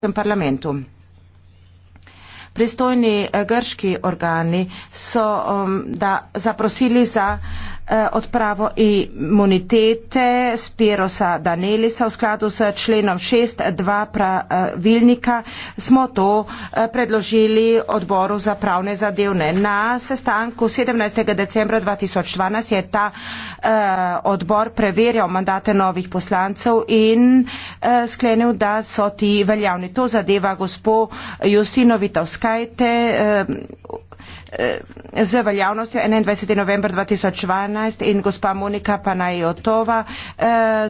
Grškem parlamentu. Pristojni eh, grški organi so um, da, zaprosili za uh, Eh, odpravo imunitete Spirosa Danelisa v skladu s členom 6.2 pravilnika smo to eh, predložili odboru za pravne zadevne. Na sestanku 17. decembra 2012 je ta eh, odbor preverjal mandate novih poslancev in sklenil, da so ti veljavni. To zadeva gospo Justino Vitovskajte z veljavnostjo enaindvajset november dva tisoč dvanajst in gospa monika panajotova eh,